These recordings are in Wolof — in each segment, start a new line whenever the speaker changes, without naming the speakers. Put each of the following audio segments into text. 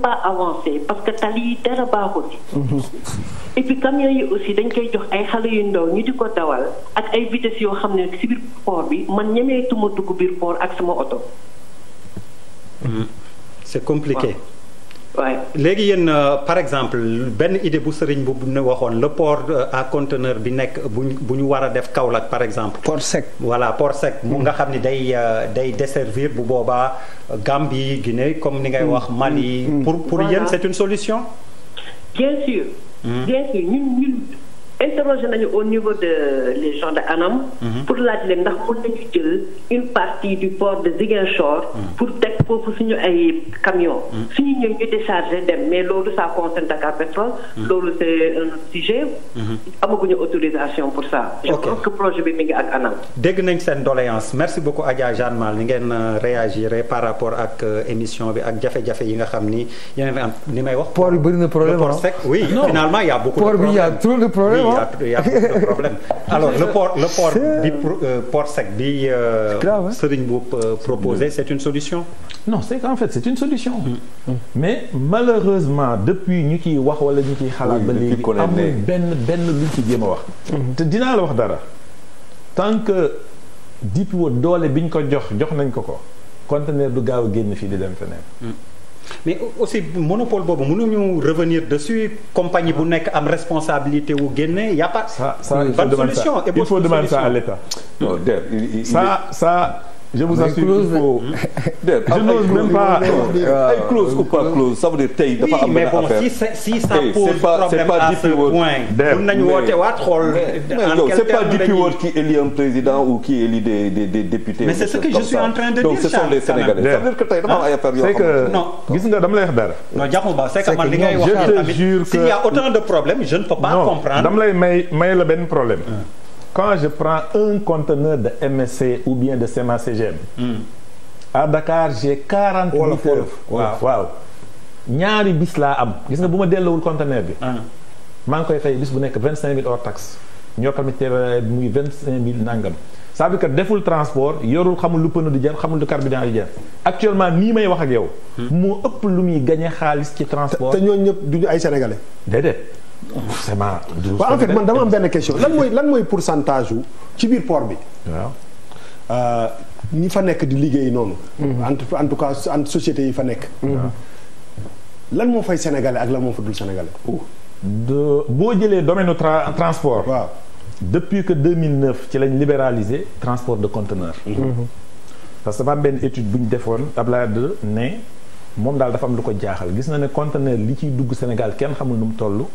pas avancé parce que tali yi dara baaxul mhm. et puis camions yi aussi dañ koy jox ay xale yu ndaw ñu di ko dawal ak ay vitesse yoo xam ne si biir port bi man ñemeetuma dugg biir poor ak sama oto mm. c'est compliqué waaye léegi yéen euh, par exemple benn idée bu sëriñ bu nu waxoon le port euh, à conteneur bi nekk bu bu ñu war a def Kaolack par exemple. port sec voilà port sec. mu nga hmm. xam ni day euh, day desservir bu boobaa Gambie gine comme ni ngay wax hmm. Mali. Hmm. pour pour yéen c'est une solution. bien sûr. bien sûr ñun nañu au niveau de les gens de Anam. pour laaj leen ndax mën nañu jël une partie du port de Ziguinchor. pour teg foofu suñu ay camion mm. suñu ñu déchargé dem mais loolu ça concerne Dakar Pétrole mm. loolu c'est un sujet mm-hmm. amaguñu autorisation pour ça je pense que projet bi mi ngi ak anam dégg nañ seen doléance merci beaucoup Adja Jeanne Mal ni ngeen euh, réagir par rapport ak euh, émission bi ak jafe-jafe yi nga xam ni yeneen am ni may wax port bi na problème port sec oui ah, finalement il y a beaucoup de problèmes il y a alors le port le port bi euh, port sec bi Serigne Mboup proposé c'est une solution
non c'est qu'en fait c'est une solution. Mm. mais malheureusement depuis ñu kiy wax wala ñu ciy xalaat. ba léegi amul benn benn luñ ci jéem a wax. te dinaa la wax dara tant que DPO doole biñ ko jox jox nañ ko ko conteneur du gaaw a génn fii di dem feneen.
Mm. mais aussi monopole boobu mënuñu revenir dessus compagnie bu nekk am responsabilité wu génne y' part pas. ça ça il faut demander ça il faut demander
ça je vous assure qu'il faut.
je n'ose même pas ay ah. clause ou pas clause tey dafa am benn affaire mais bon si si ça pose problème à ce point. mën nañu woote waat
xool. en quel terme c'est pas DP World qui élit un président ou qui élit des des des députés. mais c'est ce que je suis en train de dire donc ce sont les Sénégalais. ça veut dire que tey dama am ay affaires yoo xam non gis nga dama lay wax dara.
non Diakhouba c'est que man li ngay wax tamit s'il y a autant de problèmes je ne peux pas comprendre. dama
lay may may la benn problème. Ah. quand je prends un conteneur de MSC ou bien de CMA CGM. Mm. à Dakar j'ai quarante huit waaw ñaari bis laa am gis nga bu ma delloowul conteneur bi hmm. maa ngi koy fay bis bu nekk vingt cinq mille hors taxe ñoo xam ne euh, muy vingt cinq mille nangam ça veut deful transport yorul xamul lu pneu du jar xamul lu carburant di jar actuellement nii may wax ak yow hmm. moo ëpp lu muy gañe xaalis ci transport te ñoo ñëpp duñu ay sénégalais déedéet forcément. waaw en fait man dama am benn question lan mooy mooy pourcentage wu ci biir port bi. waaw euh, ñi fa nekk di liggéey noonu. Mhm. en tout cas société yi fa nekk. Mhm. lan moo fay sénégalais ak lan moo fa dul sénégalais. boo jëlee domaine transport. waaw depuis que 2009 ci lañ libéralisé transport de conteneur. Mhm. parce que dafa am benn étude bu ñu defoon Abdoulaye de ne moom daal dafa am lu ko jaaxal gis na ne conteneur li ciy dugg Sénégal kenn xamul nu mu toll.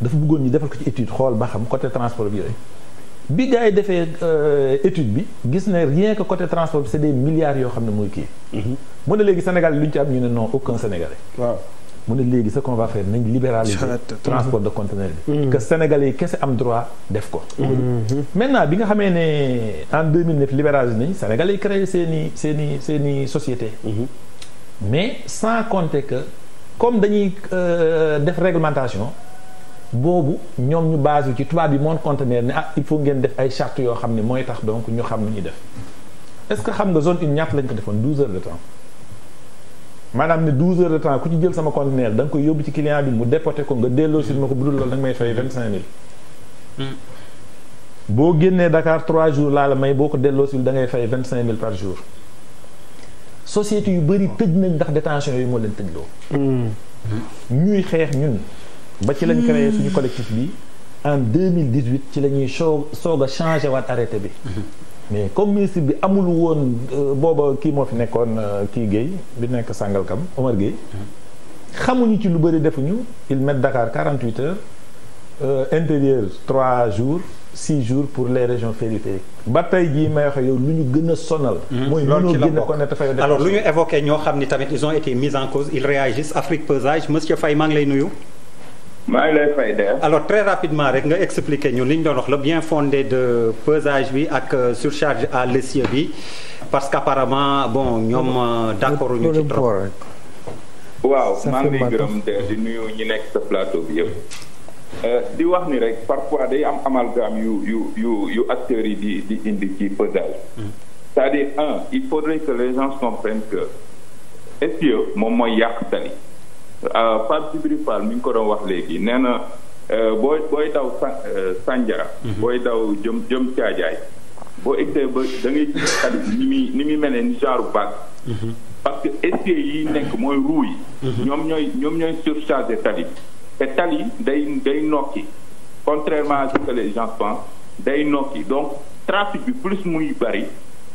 dafa buggoon ñu defal ko ci étude xool ba xam côté transport bi yooyu bi gars yi defee euh, étude bi gis ne rien que côté transport bi c'est des milliards yoo xam ne mooy kii. Mhm. mu ne léegi Sénégal lu ñu ci am ñu ne non aucun Sénégalais. waaw mu ne léegi ce qu'on va faire nañ libéraliser. transport de conteneur bi. Mhm. que Sénégalais yi kese am droit def ko. Mhm. maintenant bi nga xamee ne en 2009 libéraliser nañ Sénégalais yi créé seeni seeni seeni société. mais sans compter que comme dañuy euh, def réglementation. boobu ñoom ñu base yu ci tubaab yi moon conteneur ne ah il faut ngeen def ay charte yoo xam ne mooy tax donc ñu xam ni ñuy def est-ce que xam nga zone une ñaata lañ ko defoon 12 heures de temps maanaam ne 12 heures de temps ku ci jël sama conteneur da nga koy yóbbu ci client bi mu déporté ko nga delloo si ma ko budul loolu da nga may fay 25000. Hmm. boo génnee Dakar trois jours laa la may boo ko delloo si da ngay fay 25000 par jour. société yu bëri tëj nañ ndax détention yooyu moo leen tëjloo. Hmm. ñuy xeex ba ci lañ créé suñu hmm. collectif bi en 2018 ci la ñuy soog soog a changé waat arrêté bi hmm. mais comme ministre bi amul woon euh, booba kii moo fi nekkoon euh, kii Guèye bi nekk Sangalkam Omar Guèye hmm. xamuñu ci lu bari defuñu il met Dakar 48 heures euh, intérieur 3 jours 6 jours pour les régions périphériques ba tey jii may wax yow lu ñu gën a sonal. mooy lu ñu gën a fa yow alors lu
ñu évoqué ñoo xam ni tamit ils ont été mis en cause ils réagissent Afrique Pesage monsieur Faye maa ngi lay nuyu.
maa ngi lay fay
alors très rapidement rek nga expliquer ñu li ñu doon wax le bien fondé de pesage bi ak euh, surcharge à l'essieu bi parce que apparemment bon ñoom euh, d'accord ñu ci trop.
waaw maa ngi lay di nuyu ñu nekk sa plateau bi yëpp. Euh, di wax ni rek parfois day am amalgame yu yu yu yu acteurs yi di di indi ci pesage. Hmm. c'est-à-dire il faudrait que les gens comprennent que essieu moom mooy yàq Euh, Pape Djibril Fall mi ngi ko doon wax léegi nee na euh, booy booy daw euh, Sandiara. Mhm. booy daw jëm jëm caajaay boo egsee ba da ngay gis xarit ni muy ni muy mel ne ni genre bac mhm. parce que essieu yi nekk mooy ruu yi mhm. ñoom ñooy ñoom ñooy surchargé tali te tali day day nokki contrairement à ce que les day nokki donc trafic bi plus muy bari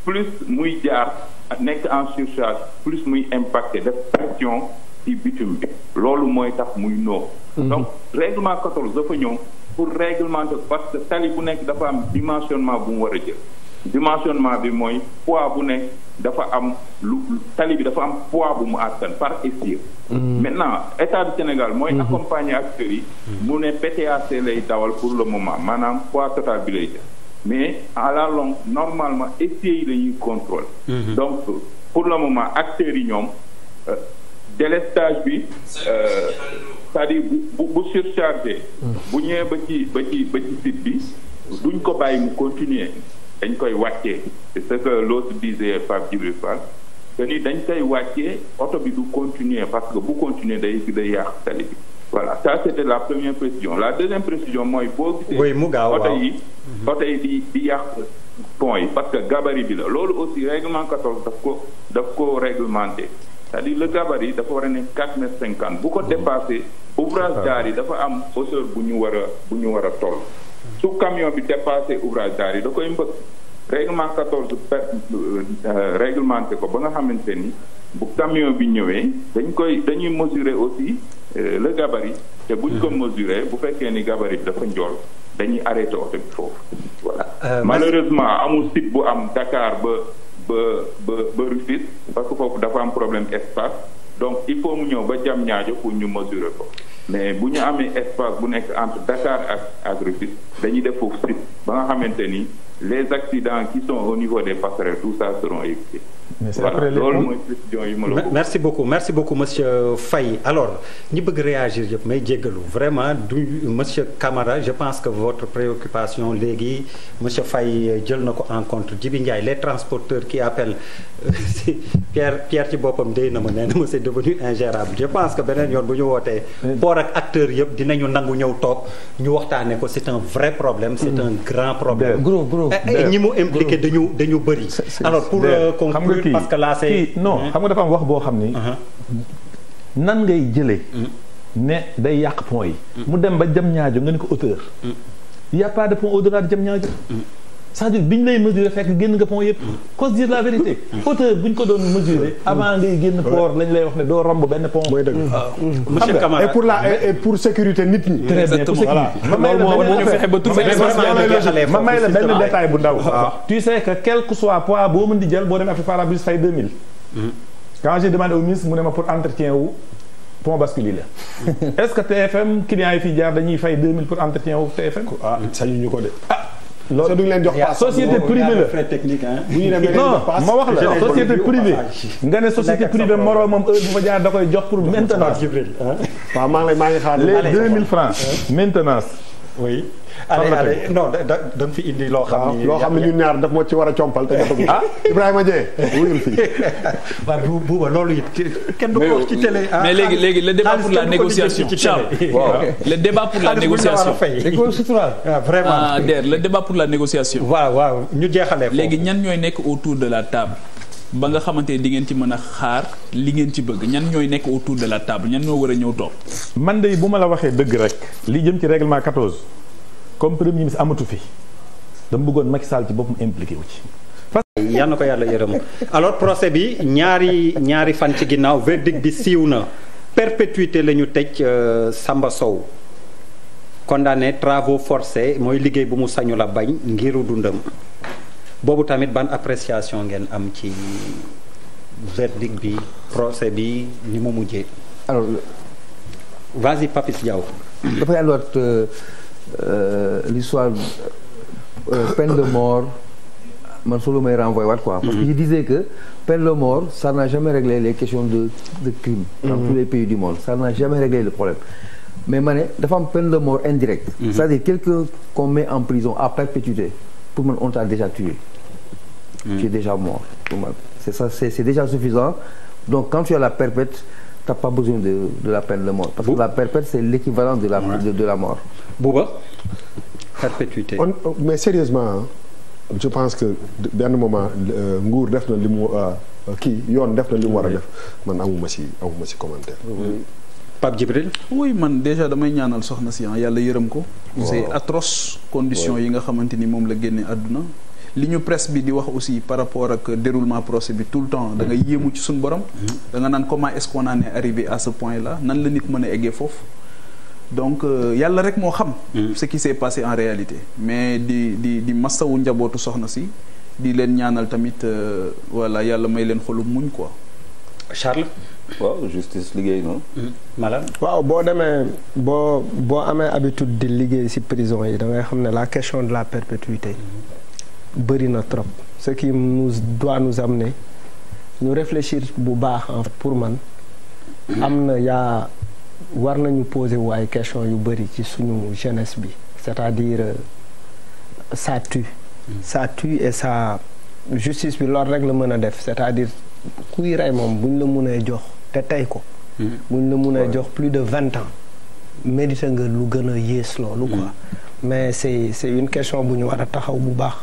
plus muy jaar nekk en surcharge plus muy impacté def pression ci bitume bi loolu mooy tax muy noo mhm. donc règlement 14 dafa ñëw pour réglementer parce que tali bu nekk dafa am dimensionnement bu mu war a jël dimensionnement bi mooy poids bu nekk dafa am lu tali bi dafa am poids bu mu àttan par essir mhm. maintenant état du Sénégal mooy mhm. accompagner acteurs yi mu ne PTAC lay dawal pour le moment maanaam poids total bi lay jël mais à la longue normalement essais yi la ñuy contrôle pour le moment acteurs yi ñoom euh, délestage bi euh, c'est-à-dire bu bu bu surchargé. Hmm. bu ñëwee ba ci ba ci ba ci site bi duñ ko bàyyi mu continuer dañ koy wàccee c'est ce que l'autre disait Pape Djibril Fall te ni dañ koy wàccee oto bi du continuer parce que bu continuer day day yàq tali bi voilà ça c'était la première précision la deuxième précision mooy boo gisee oto yi hmm. oto yi di di yàq pont yi parce que gabari bi la loolu aussi règlement 14 daf ko daf ko réglementé c'est-à-dire le dafa war ne nekk 4 cinquante bu ko dépassé ouvrage ah. d'art yi dafa am hauteur bu ñu war a bu ñu war a toll su camion bi dépassé ouvrage d'art yi da koy mbëkk règlement 14 euh, euh, réglementé ko ba nga xamante ni bu camion bi ñëwee dañ koy dañuy mesurer aussi euh, le gabarit te buñ ko hmm. mesurer bu fekkee ni gabarit bi dafa njool dañuy arrêté oto bi foofu malheureusement amul site bu am Dakar ba ba ba ba Rufisque parce que foofu dafa am problème espace donc il faut mu ñëw ba jam ñaajo pour ñu mesurer ko mais bu ñu amee espace bu nekk entre Dakar ak ak Rufisque dañuy def foofu site ba nga xamante ni les accidents qui sont au niveau des passerelles tout ça seront évités
voilà loolu mooy
question yi ma la ko.
merci beaucoup merci beaucoup monsieur Faye alors ñi bëgg réagir yëpp may jéggalu vraiment du mosieur kamara je pense que votre préoccupation léegi monsieur fay euh, jël na ko en compte Djibi Ndiaye les transporteurs qui appellent euh, Pierre Pierre ci boppam déy na ma nee na ma c'est devenu ingérable je pense que beneen yoon bu ñu wootee. boor ak acteurs yëpp dinañu nangu ñëw toog ñu waxtaanee ko c'est un vrai problème.
c'est mm. un grand problème. gros gros eh, eh, ñi mu impliqué
dañu dañu bëri. mesure parce que là c'est
non mm-hmm. xam nga dafa am wax boo xam ni. Uh-huh. nan ngay jële mm-hmm. ne day yàq point yi. Mm-hmm. mu dem ba jëm ñaajo nga ni ko auteur. y' a pas de point au ñaajo. c'est-à-dire bi ñu lay mesurer fekk génn nga pont yëpp cause la vérité hauteur bu ñu ko doon mesurer avant ngay génn port lañ lay wax ne doo romb benn pont mooy dëgg mmh. Ah. Mmh. monsieur la et pour sécurité nit may la benn détail bu ndaw ah. Ah. tu sais que quel que soit poids boo mën di jël boo demee Afrique Parabus fay 2000 quand j'ai demandé au ministre mu ne ma pour entretien wu pont bascule la mmh. est-ce que TFM clients yi fi jaar dañuy fay 2000 pour entretien wu TFM ah ko de loolu leen jox paas société privée la
frais technique non ma wax la société privée ah, nga ne société privée
jox pour maintenance les francs maintenance allez allez
non da da fi indi loo xam ni loo xam ne ñu
ñaar daf moo ci war a compal te jotaguñu ah
Ibrahima Dieng wuyul fii waaw bu buuba loolu it kenn du ko wax ci télé ah, mais léegi léegi le débat pour
la négociation Charles le débat pour la négociation
vraiment ah,
Der le débat pour la négociation waaw waaw ñu jeexalee léegi ñan ñooy nekk autour de la table ba nga xamante di ngeen ci mën a xaar li ngeen ci bëgg ñan ñooy nekk autour de la table ñan ñoo war a ñëw toog man de bu ma la waxee dëgg rek li jëm ci règlement 14 comme premier ministre amatu fi dama bëggoon mag Sall ci boppam impliqué wu ci.
yal na ko yàlla yërëm alors procès bi ñaari ñaari fan ci ginnaaw verdict bi siiw na perpétuité la ñu tëj euh, Samba Sow condamné travaux forcés mooy liggéey bu mu sañu la bañ ngir dundam boobu tamit ban appréciation ngeen am ci verdict bi procès bi ni mu mujjee. alors Papis Diaw. dafay alors. Eh, l'histoire eh, peine de mort man su lu may renvoyé waat quoi. parce que je mm-hmm. disais que peine de mort ça n'a jamais réglé les questions de de crime. dans mm-hmm. tous les pays du monde ça n'a jamais réglé le problème. mais ma ne dafa am peine de mort indirecte. Mm-hmm. c'est-à-dire quelqu'un qu'on met en prison à perpétuité pour man on t'a déjà tué. Mm. tu es déjà mort pour man c'est ça c'est déjà suffisant donc quand tu as la perpète. t'as pas besoin de de la peine de mort. parce que la perpète c'est l'équivalent de la de, de la mort. Bouba perpétuité.
on mais sérieusement je pense que benn moment euh, nguur def na li mu euh, kii yoon def na li mu war a def man amuma si amuma si commentaire. Pape Djibril. oui man déjà damay ñaanal soxna si ah, yàlla yërëm ko. c'est atroce condition yi nga xamante ni moom la génne àdduna. li ñu presse bi di wax aussi par rapport ak déroulement procès bi tout le temps dangay nga yéemu ci suñu borom. Mhm. da naan comment est-ce qu'on en est arrivé à ce point là nan la nit mën a eggee foofu. donc euh, yàlla rek moo xam. Mhm. ce qui s'est passé en réalité. mais di di di masawu njabootu soxna si di leen ñaanal tamit euh, voilà yàlla may leen xolum muñ ko Charles. waaw justice liggéey noonu. Mhm. maanaam.
waaw boo demee boo boo amee habitude di liggéey ci prison yi da ngay xam ne la question de la perpétuité. bëri na trop ce qui nous doit nous ne ñu réfléchir bu baax en pour man am na yaa war nañu poser wu ay question yu bëri ci suñu jeunesse bi c'est-à-dire euh, ça tue mm. ça tue et ça justice bi loolu rek la mën a def c'est-à-dire kuy rey moom buñ la mun mënee jox te tey ko mm. buñ la mun mënee jox plus de vingt ans mérite nga lu gën a yées loolu quoi mm. mais c'est c'est une question bu ñu war a taxaw bu baax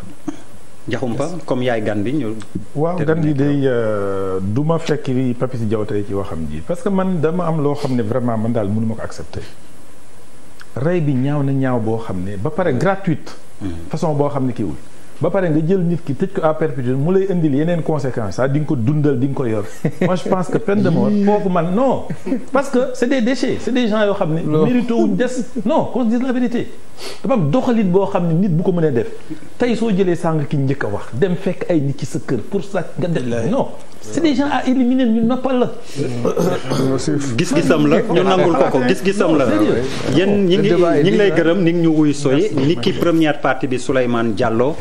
Diakhoumpa comme yaay gan bi ñu.
waaw gan bi day euh, du ma fekk li Papis Diaw tey ci waxam ji parce que man dama am loo xam ne vraiment man daal mënu ma ko accepter. rey bi ñaaw na ñaaw boo xam ne ba pare gratuite. Mm-hmm. façon boo xam ne kiiwul. ba pare nga jël nit ki tëj ko à perpétuité mu lay indil yeneen conséquences ah di nga ko dundal di nga ko yor moi je pense que peine de mort foofu man non parce que c'est des déchets c'est des gens yoo xam ne mérite des non qu'on se la vérité dafa am doxalin boo xam ne nit bu ko mënee def tey soo jëlee sàng ki njëkk a wax dem fekk ay nit ci sa kër pour sa nga def non c'est des gens à éliminer ñu noppal la gis-gisam la ñu nangul
ko ko gis-gisam la yéen ñi ngi ñi ngi lay gërëm ni ngi ñu wuy soyi ni ki première partie bi Souleymane Diallo